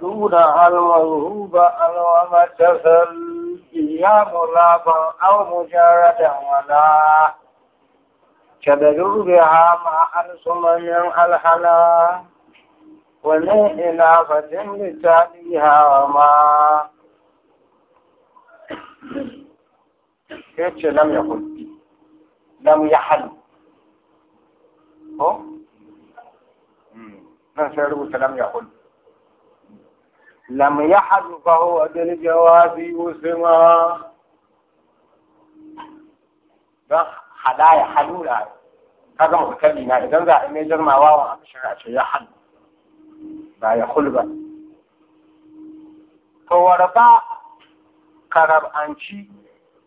دون الموهوب أن وما اتصل يا ملابا أو مجردا ولا تبدو بها مع أنصم من الحلا ومن إلافة لتابيها وما كيف لم يقل لم يحل هو؟ ما سيربو لم يقل لم يحد فهو بالجواب يسمى don hadaya halula ka gama kalli na idan za a mai jirmawa wa aka shirya ce hannu ba ya hulba to warba karab'anci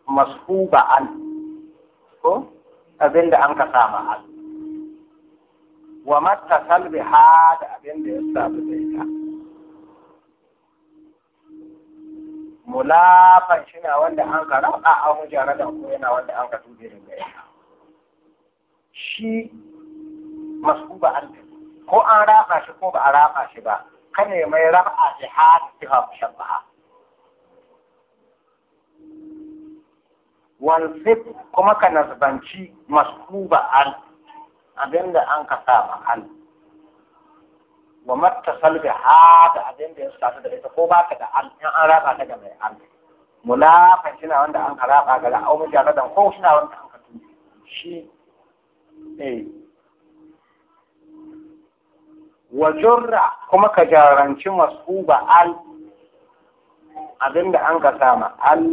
mashuba an ko abinda an ka sama an wa matta salbi ha da abinda ya sabu da ita mulafan shi na wanda an ka raba a jara da ko yana wanda an ka tuje da gari shi masuba an ko an raba shi ko ba a raba shi ba kane mai raba jihad sifa mushabbaha walsif kuma ka nasbanci masuba an abinda an ka saba an wa mattasal bi hada abin da ya sata da ita ko baka da an an raba ta ga mai an shi na wanda an raba ga au mujaradan ko shi na wanda an katu shi eh wa jurra kuma ka jaranci masuba al abin da an ka sama al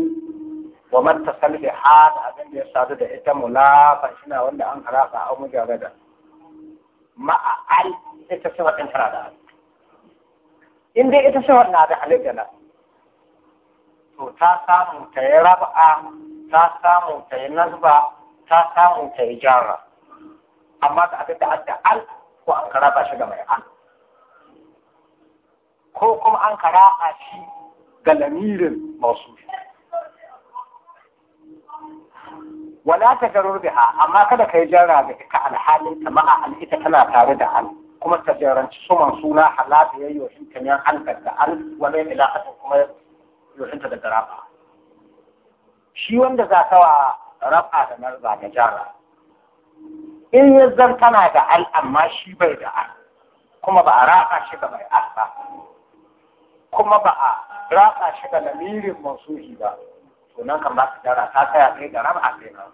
wa mattasal bi hada abin da ya sata da ita shi na wanda an raba au mujaradan ma'a al ita shawar ɗin tana da in dai ita shawar na da aligana to ta samu ta yi raba'a ta samu ta nasba ta samu ta yi amma da abin da an al ko an karaba shi ga mai an ko kuma an shi ga masu wala ta garur biha amma kada ka yi jara da ita alhalin ta tana tare da al kuma ta jaranci suman suna halata ya yi yohin ta ne da an wani ilaƙatar kuma yohin ta daga rafa shi wanda za ta wa rafa da marza da jara in ya zan tana da al amma shi bai da al kuma ba a rafa shi ga mai al ba kuma ba a rafa shi ga lamirin mansuhi ba to nan kan ba ta dara ta tsaya sai da rafa sai nan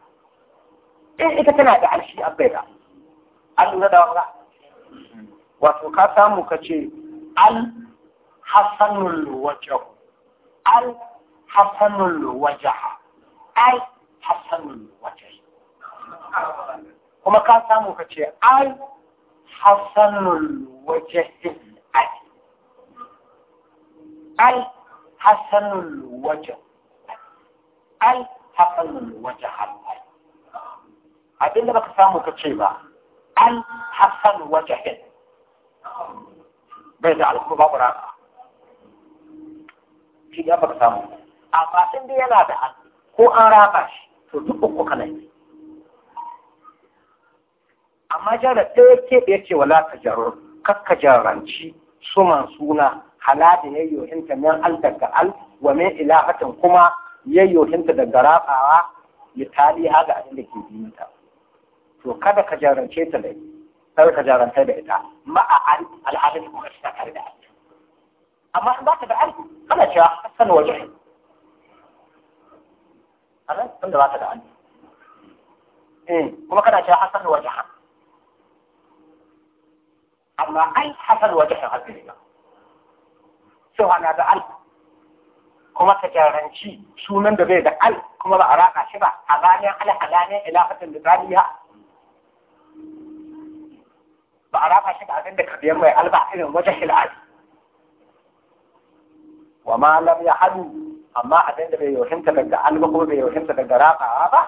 in ita tana da al shi an bai da an lura da wanga wato ka samu ka ce al hasanul wajah al hasanul wajah al hasanul wajah kuma ka samu ka ce al hasanul wajah al hasanul wajah al hasanul wajah abinda baka samu ka ce ba an wajen wajahin bai da alku babu rana shi ya baka samu amma in dai yana da an ko an raba shi to duk uku kana yi amma jara ɗaya ke ɗaya ce wala ta jarar, kakka jaranci suman suna hala da yayyohinta min al daga al wa min ilahatin kuma yayyohinta daga rafawa litali haga abin da ke ta." to kada ka jarance ta da kada ka jaranta da ita ma'a alhalin kuma shi tare da arziki amma in baka da arziki kana cewa hasan waje anan tunda baka da arziki eh kuma kana cewa hasan waje amma ai hasan waje hakika so ana da arziki kuma ka jaranci sunan da bai da al kuma ba a raka shi ba a bayan alhalanin ilafatin da zaliya ba a rafa shi da abin da ka biyan mai alba irin wajen hil'adi wa ma lam ya hadu amma abin da bai yohinta daga alba kuma bai yohinta daga rabawa ba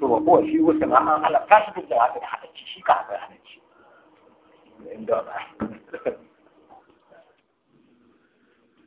to ba kowa shi wasu ma an halatta shi duk da wata da haɗa shi ka haɗa shi inda ba